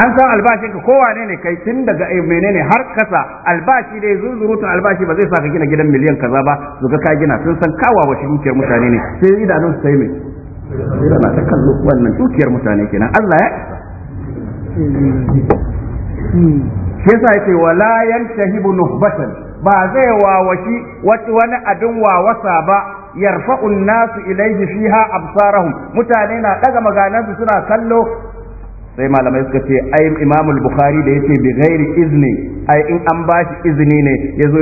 an san albashin ka kowane ne kai tun daga eh, menene har kasa albashi dai zunzurutun albashi ba zai sa ka gina gidan miliyan kaza ba zuga ka gina sun san kawawa shi dukiyar mutane ne sai idanun sai mai sai na ta kallo wannan dukiyar mutane kenan Allah ya shi sa yace wala shahibu nuhbatan ba zai wawashi wani abin wawasa ba Yarfa nasu ilaihi fiha absarahum mutane na daga maganansu suna kallo sai malamai suka ce ai imamul bukhari da yace bi ghairi izni ai in an ba shi izini ne yazo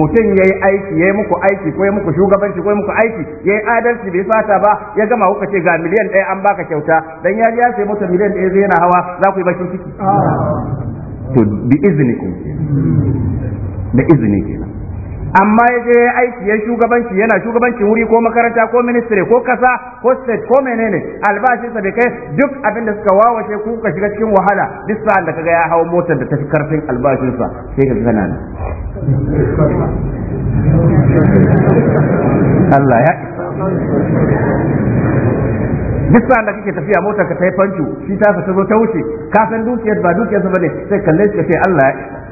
mutum yayi aiki yayi muku aiki ko yayi muku shugabanci ko yayi muku aiki yayi adalci bai fata ba ya gama kuka ce ga miliyan ɗaya an baka kyauta dan ya ya sai mutum miliyan ɗaya zai yana hawa za ku yi bakin ciki ah. to bi ku da izini kenan amma ya je aiki ya shugabanci yana shugabancin wuri ko makaranta ko ministry ko kasa ko state ko menene albashinsa bai kai duk abin da suka wawashe ku ka shiga cikin wahala duk sa'an da kaga ya hawo motar da tafi karfin albashinsa sai ka gana Allah ya duk sa'an da kake tafiya motar ka ta yi fancu shi ta ta zo ta wuce ka san dukiyar ba ne bane sai kalle shi ka ce Allah ya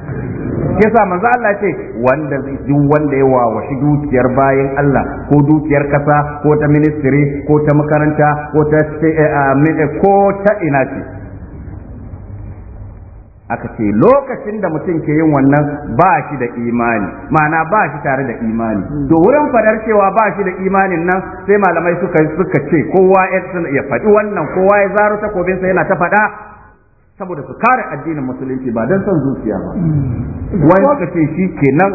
yasa manzo Allah ce wanda duk wanda ya wawashi dukiyar bayan Allah ko dukiyar kasa ko ta ministry ko ta makaranta ko ta eh, ah, eh, ko ta ina ce aka ce lokacin da mutum ke yin wannan ba shi da imani ma'ana ba shi tare da imani hmm. to wurin fadar cewa ba shi da imanin nan sai malamai suka suka ce kowa ya faɗi wannan kowa ya zaro takobinsa yana ta faɗa saboda su kare addinin musulunci ba don son zuciya ba mm. wani suka ce shi kenan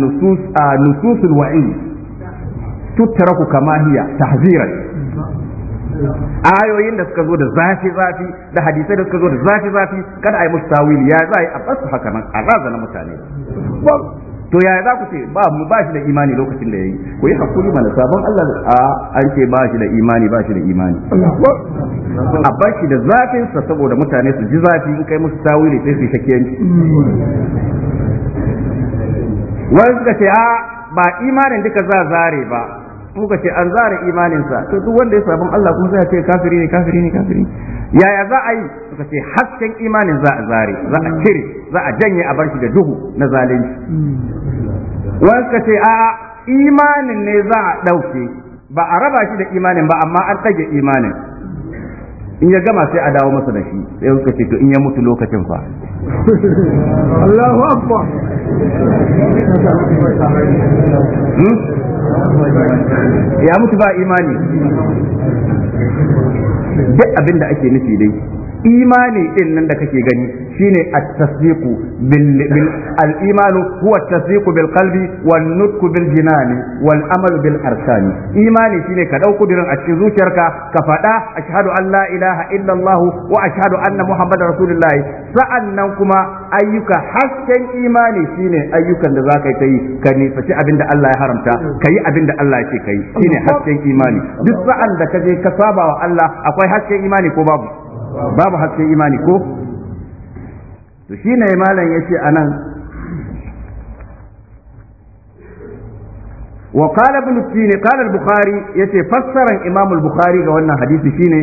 nususun nususul wa'id ku kama ta haziran? ayoyin da suka zo da zafi zafi da hadisai da suka zo da zafi zafi kada a yi musu tawili ya za a yi a basu haka nan a razana mutane to yaya za ku ce ba mu ba shi da imani lokacin da yayi ku yi hakuri mana sabon Allah a an ce ba shi da imani ba shi da imani a ba shi da zafin sa saboda mutane su ji zafi in kai musu tawili sai su shakiyan wani suka ce a ba imanin duka za zare ba muka ce an zara imaninsa to duk wanda ya sabon Allah kuma sai ce kafiri ne kafiri ne kafiri yaya za a yi suka ce hasken imanin za a zare za a cire za a janye a bar shi da duhu na zalunci wani suka ce a imanin ne za a ɗauke ba a raba shi da imanin ba amma an ɗage imanin in ya gama sai a dawo masa da shi sai suka ce to in ya mutu lokacin fa Allahu akbar hmm? ya mutu ba imani duk abin da ake nufi dai imani din nan da kake gani shine at-tasdiqu bil al-imanu huwa at-tasdiqu bil qalbi wan nutqu bil jinani wal amal bil imani shine ka dauko dirin a cikin zuciyarka ka faɗa ashhadu an la ilaha illa Allah wa ashhadu anna muhammadar rasulullahi sa'annan kuma ayyuka hasken imani shine ayyukan da zaka yi kai ka nisaci abinda Allah ya haramta kai abinda Allah ya ce kai shine hasken imani duk sa'an da ka je ka saba wa Allah akwai hasken imani ko babu babu hasken imani ko to ne malam yace anan وقال ابن السين Bukhari ya ce فسر Imamul Bukhari ga wannan hadisi shine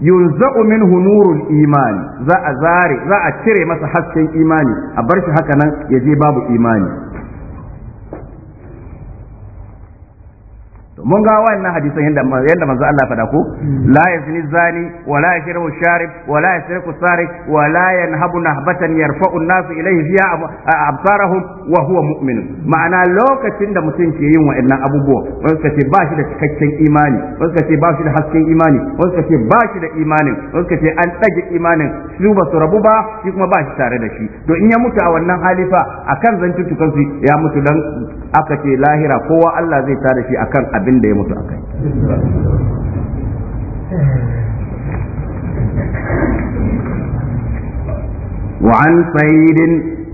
yunza'u minhu nurul iman za a zare za a cire masa hasken imani a bar shi haka nan ya je babu imani mun ga wannan hadisan yanda yanda manzo Allah fada ko la yazni zani wa la yashrabu sharib wa la yasriqu sarik wa la yanhabu nahbatan yarfa'u an-nas ilayhi fiha absarahum wa huwa mu'min ma'ana lokacin da mutum ke yin wa'annan abubuwa wasu kace ba shi da cikakken imani wasu kace ba shi da hasken imani wasu kace ba shi da imanin wasu kace an tsage imanin su ba su rabu ba shi kuma ba shi tare da shi to in ya mutu a wannan halifa akan zantutukan su ya mutu dan aka ce lahira kowa Allah zai tare shi akan abin da ya mutu akai وعن سعيد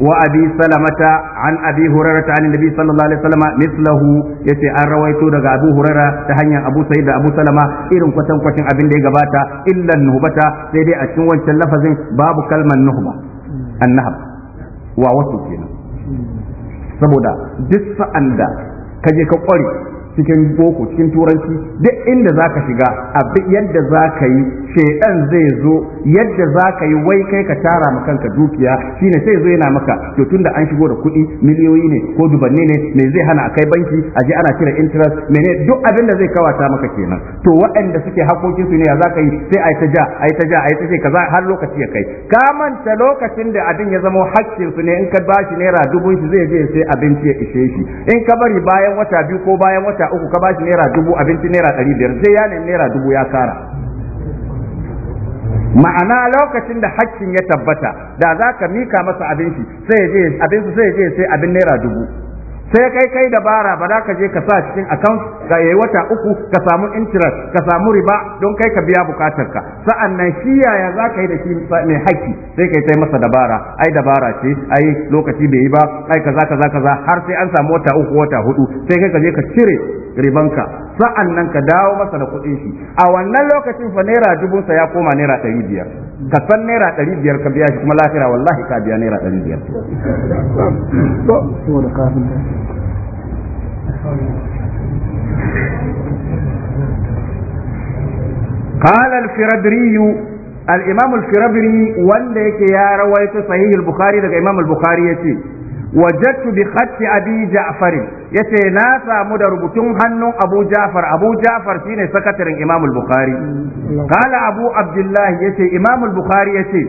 وابي سلمة عن ابي هريرة عن النبي صلى الله عليه وسلم مثله يتي ان رويتو دغ ابو هريرة تهنيا ابو سعيد ابو سلمة irin كوتن كوتن abin da ya gabata illa nuhbata sai dai a cikin wancan lafazin babu kalmar nuhba annahab saboda duk sa'an da ka je ka kware cikin boko cikin turanci duk inda za ka shiga abin yadda za ka yi shaidan zai zo yadda za ka yi wai kai ka tara ma kanka dukiya shine sai zo yana maka to tun da an shigo da kuɗi miliyoyi ne ko dubanni ne me zai hana a kai banki a je ana cire interest mene duk abin da zai kawata maka kenan to waɗanda suke hakokin su ne ya za ka yi sai ai ta ja ai ta ja ai ta ce kaza har lokaci ya kai ka manta lokacin da abin ya zama hakkin su ne in ka bashi naira dubun shi zai je sai abinci ya ishe shi in ka bari bayan wata biyu ko bayan wata uku ka bashi naira dubu abinci naira ɗari biyar sai ya naira dubu ya kara ma'ana lokacin da hakkin ya tabbata da za ka mika masa abinci shi sai je abin sai je sai abin naira dubu sai kai kai dabara ba za ka je ka sa cikin account ka yayi wata uku ka samu interest ka samu riba don kai ka biya bukatar ka sa'annan nan shi yaya za ka yi da shi mai haƙƙi sai kai sai masa dabara ai dabara ce ai lokaci bai yi ba ai kaza kaza kaza har sai an samu wata uku wata hudu sai kai ka je ka cire ribanka sa'an nan ka dawo masa da kuɗin shi a wannan lokacin fa naira dubun sa ya koma naira ɗari biyar ka san naira ɗari biyar ka biya shi kuma lafiya wallahi ka biya naira ɗari biyar Qalal Al-Firadrihu Al'imamul Firadrihu, wanda ya ke ya rawaito sahihin Bukhari daga imamul Bukhari, yace ce wajen tubikaci Abija Afarin, ya na samu da rubutun hannun Abujafar, Abujafar shine sakataren imamul Bukhari, kala Abu Abdullahi, yace ce imamul Bukhari yace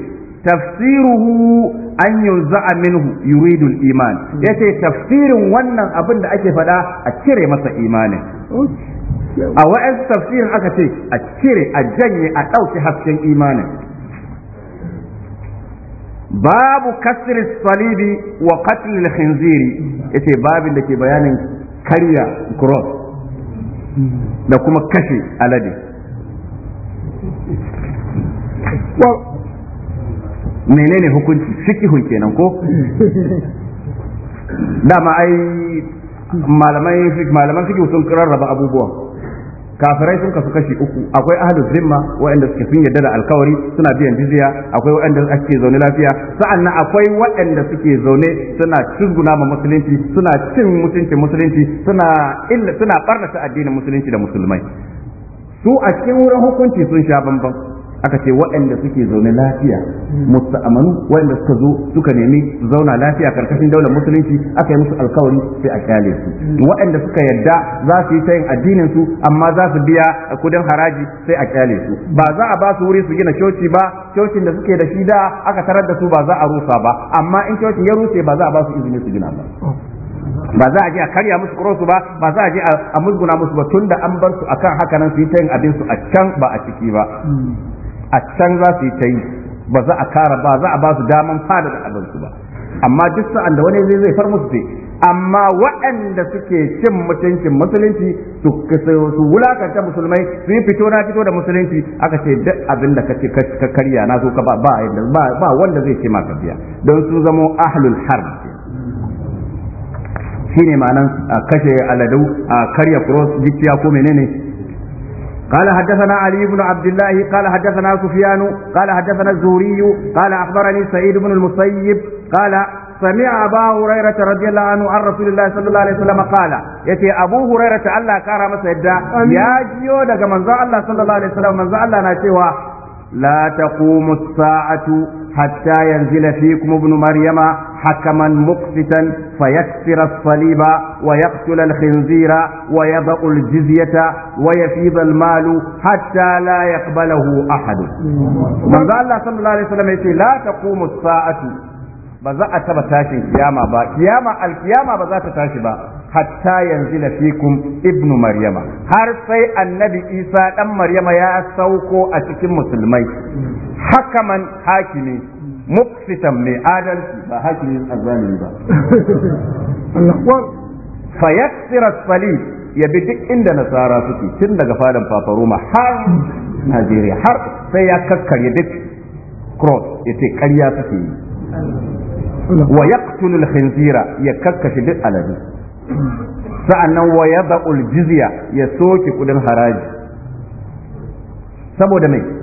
tafsiruhu. an yunza'a minhu yuridul al-iman hmm. ce tafsirin wannan abin da ake faɗa a cire masa imanin a wa'az tafsirin aka ce a cire a janye a ɗauki hasken imanin babu kasri salibi wa qatl al ya ce babin da ke bayanin karya cross da kuma kashe alade menene hukunci fikihun kenan ko dama ai malamai malaman fikih sun rarraba abubuwan kafirai sun kasu kashi uku akwai ahlul zimma waɗanda suke sun yarda da alkawari suna biyan jizya akwai waɗanda ake zaune lafiya sa'annan akwai waɗanda suke zaune suna cizguna ma musulunci suna cin mutuncin musulunci suna illa suna barnata addinin musulunci da musulmai su a cikin wurin hukunci sun sha bambam aka ce waɗanda suke zaune lafiya musta'amanu waɗanda suka zo suka nemi zauna lafiya karkashin daular musulunci aka yi musu alkawari sai a kyale su waɗanda suka yadda za su yi tayin addinin su amma za su biya kudin haraji sai a kyale su ba za a ba su wuri su gina coci ba cocin da suke da shi da aka tarar da su ba za a rusa ba amma in cocin ya rushe ba za a ba su izini su gina ba ba za a je a karya musu kurosu ba ba za a je a musguna musu ba tunda an bar su akan haka nan su yi tayin abin su a can ba a ciki ba a can za su yi ta yi ba za a kara ba za a ba su daman fada da abinsu ba amma duk sa'an da wani zai zai far musu sai amma waɗanda suke cin mutuncin musulunci su wulakanta musulmai su yi fito na fito da musulunci aka ce duk abin da ka karya na so ba wanda zai ce ma ka biya don su zamo ahlul harb shine ma'anan a kashe aladu a karya cross gicciya ko menene قال حدثنا علي بن عبد الله قال حدثنا سفيان قال حدثنا الزهري قال أخبرني سعيد بن المسيب قال سمع أبا هريرة رضي الله عنه عن رسول الله صلى الله عليه وسلم قال يتي أبو هريرة الله كرم سيدا يا جيو دك منزع الله صلى الله عليه وسلم منزع الله ناتيوا لا تقوم الساعة حتى ينزل فيكم ابن مريم حكما مقسطا فيكسر الصليب ويقتل الخنزير ويضع الجزية ويفيض المال حتى لا يقبله أحد من ذا الله صلى الله عليه وسلم يقول لا تقوم الساعة ba za a taba tashin kiyama ba kiyama ba za ta tashi ba hatta yanzu fikum ibnu maryama har sai annabi isa ɗan maryama ya sauko a cikin musulmai hakaman hakimi muqsitan mai adalci ba hakimin azzalimi ba fa yaksira salib ya bi duk inda nasara suke tun daga fadan fafaroma har Najeriya har sai ya kakkarya duk cross ya ce ƙarya suke yi wa yaqtulu ya kakkashi duk aladu sa'annan wa yaba'ul jizya ya soke kudin haraji saboda mai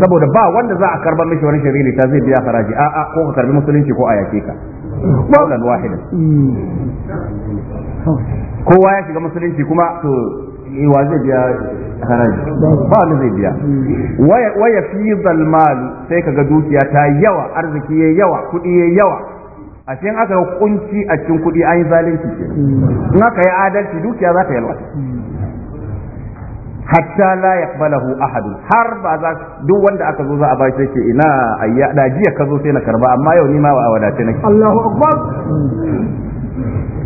saboda ba wanda za a karba mishi wani shari'a ta zai biya faraji a a ko ka karbi musulunci ko a yake ka qawlan wahida kowa ya shiga musulunci kuma to eh, wa zai biya haraji ba wanda zai biya waya fi zalmalu sai kaga dukiya ta yawa arziki ya yawa kuɗi ya yawa a cikin aka yi kunci a cikin kuɗi an yi zalunci ke in aka yi adalci dukiya za ta yalwata hatta la yaqbalahu ahadun har ba za duk wanda aka zo za a bashi sai ina ayya da jiya ka zo sai na karba amma yau ni ma ba a wadace nake Allahu akbar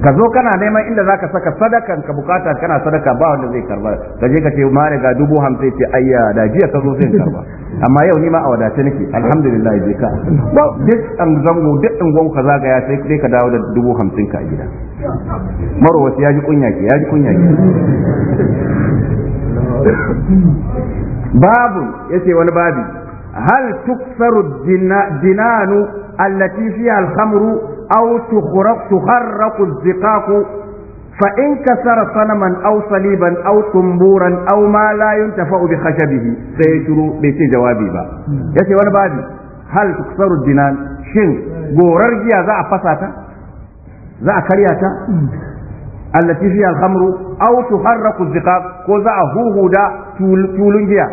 ka zo kana neman inda zaka saka sadakan ka bukata kana sadaka ba wanda zai karba ka je ka ce ma daga dubu hamsin ce ayya da jiya ka zo sai karba amma yau ni ma a wadace nake alhamdulillah je ka duk an zango duk an gwan ka zaga ya sai ka dawo da dubu hamsin ka a gida marwaci ya ji kunya ke ya ji kunya ke Babu, ya ce wani babi, hal tukasar da dina nu allahci fi alhamru au tu harra ku ziƙa fa in ka sara sana'a man au sali ban auƙun buran ma layunta fa ubi hajab yi, sai ya shuru bai jawabi ba. Ya wani babi, hal tukasar da dina gorar giya za a fasa Za a kariya ta? allati fiha al-khamru aw tuharraku dhiqaq ko za a huhuda tulun giya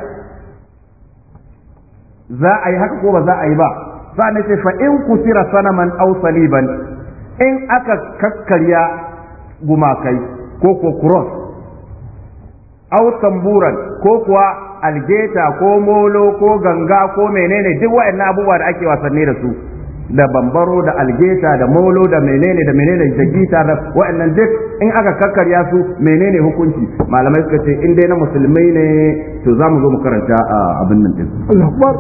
za a yi haka ko ba za a yi ba za sai fa in kusira sanaman aw saliban in aka kakkarya gumakai ko ko cross aw ko kuwa algeta ko molo ko ganga ko menene duk waɗannan abubuwa da ake wasanni da su da bambaro da algeta da molo da menene da menene da gita da wa'annan duk in aka kakkarya su menene hukunci malamai suka ce in dai na musulmai ne to za mu zo mu karanta ah, abin nan din Allahu akbar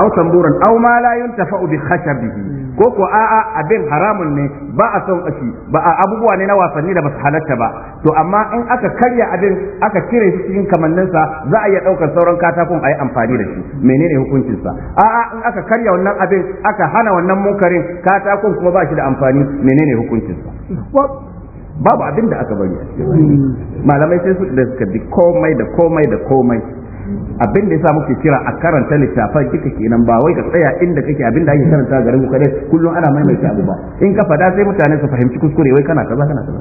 aw tamburan aw ma la yuntafa bi khashabihi ko ko a'a abin haramun ne ba a son ashi ba a abubuwa ne na wasanni da basu halatta ba to amma in aka karya abin aka cire shi cikin kamanninsa za a iya daukar sauran katakon a yi amfani da shi menene hukuncin sa a'a in aka karya wannan abin aka hana wannan munkarin katakon kuma ba shi da amfani menene hukuncin sa babu abin da aka bari malamai sai su da suka bi komai da komai da komai abin da yasa muke kira a karanta littafai kika kenan ba wai ka tsaya inda kake abin da ake karanta garin ku kadai kullum ana maimaita abu ba in ka fada sai mutane su fahimci kuskure wai kana kaza kana kaza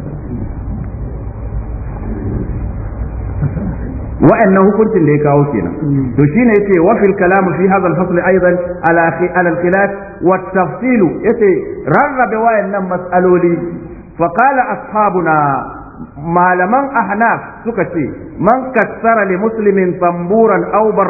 wa'annan hukuncin da ya kawo kenan to shine yace wa fil kalam fi hadha al fasl aidan ala ala al khilaf wa at tafsil yace rarrabe wa'annan mas'aloli fa qala ashabuna malaman ahnaf suka ce man kassara li muslimin tamburan aw